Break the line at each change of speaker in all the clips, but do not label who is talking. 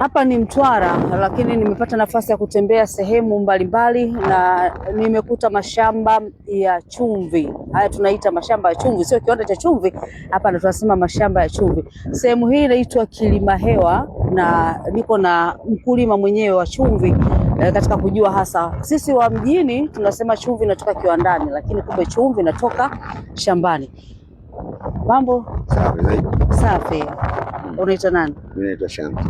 Hapa ni Mtwara, lakini nimepata nafasi ya kutembea sehemu mbalimbali na nimekuta mashamba ya chumvi. Haya tunaita mashamba ya chumvi, sio kiwanda cha chumvi hapa, ndo tunasema mashamba ya chumvi. Sehemu hii inaitwa Kilima Hewa na niko na mkulima mwenyewe wa chumvi e, katika kujua hasa. Sisi wa mjini tunasema chumvi inatoka kiwandani, lakini kumbe chumvi inatoka shambani. Mambo safi. Unaitwa nani?
Mimi naitwa Shamte.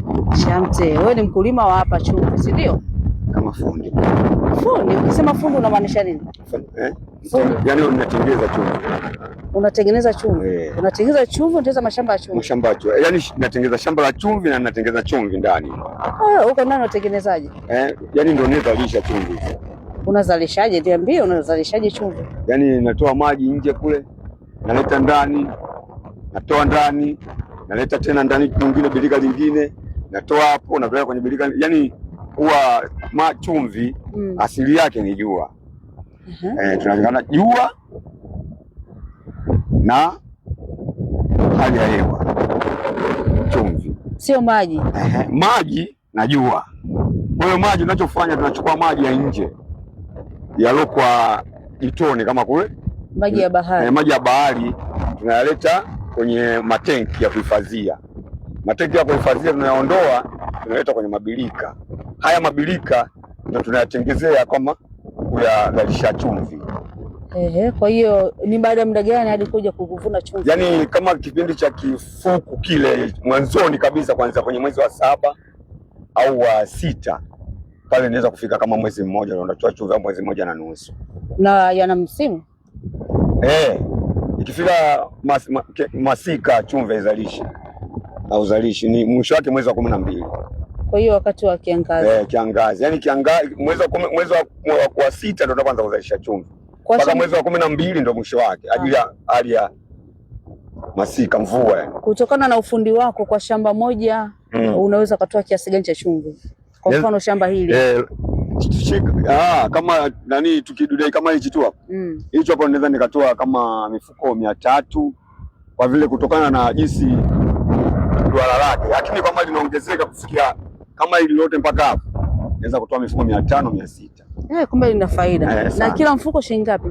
Shamte, wewe ni mkulima wa hapa Chumvi, si ndio? Kama fundi. Fundi, ukisema fundi unamaanisha nini?
Eh? Fundi. Yaani unatengeneza chumvi.
Unatengeneza chumvi. Yeah. Unatengeneza chumvi, unatengeneza mashamba ya chumvi.
Mashamba ya chumvi. Eh, yaani natengeneza shamba la chumvi na natengeneza chumvi ndani.
Ah, uko nani unatengenezaje?
Eh, yaani ndio ninazalisha chumvi.
Unazalishaje? Niambie, unazalishaje chumvi?
Yaani natoa maji nje kule, naleta ndani, natoa ndani, naleta tena ndani mwingine birika lingine natoa hapo napeleka kwenye birika, yani huwa machumvi mm. asili yake ni jua uh -huh. E, eh, tunakana jua na hali ya hewa, chumvi
sio maji
e, maji na jua. Kwa hiyo maji tunachofanya tunachukua maji ya nje yalokwa jitoni kama kule
maji ya bahari
e, maji ya bahari tunayaleta kwenye matenki ya kuhifadhia. Matenki ya kuhifadhia tunayaondoa, tunaleta kwenye mabilika. Haya mabilika ndio tunayatengezea kama kuyazalisha chumvi.
Ehe, kwa hiyo ni baada ya muda gani hadi kuja kuvuna chumvi?
Yaani kama kipindi cha kifuku kile mwanzoni kabisa, kwanza kwenye mwezi wa saba au wa sita pale inaweza kufika kama mwezi mmoja, unatoa chumvi mwezi mmoja na nusu,
na yana msimu
eh. Ikifika mas, ma, masika chumvi haizalishi na uzalishi ni mwisho wake mwezi wa kumi na mbili.
Kwa hiyo wakati wa kiangazi
eh, kiangazi yani kiangazi, mwezi wa mwezi wa sita ndio tunaanza kuzalisha chumvi mpaka mwezi wa kumi na mbili ndio mwisho wake ajili ya hali ya masika mvua. Yani
kutokana na ufundi wako kwa shamba moja mm, unaweza ukatoa kiasi gani cha chumvi? Kwa mfano shamba hili
eh, Ah, kama nani tukidudai kama hichi tu hapo mm. hicho hapo naweza nikatoa kama mifuko mia tatu kwa vile kutokana na jinsi duara lake, lakini kama linaongezeka kufikia kama hili lote mpaka hapo naweza kutoa mifuko mia tano mia sita
Eh, kumbe lina faida eh, na kila mfuko shilingi ngapi?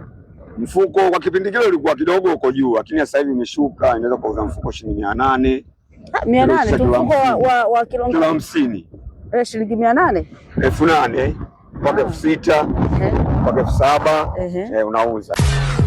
Mfuko kwa kipindi kile ulikuwa kidogo uko juu, lakini sasa hivi imeshuka, inaweza kuuza mfuko shilingi mia nane
ah, mia nane tu mfuko wa, wa, wa kilo
hamsini
eh, shilingi mia nane
elfu nane mpaka elfu sita mpaka elfu saba eh, unauza.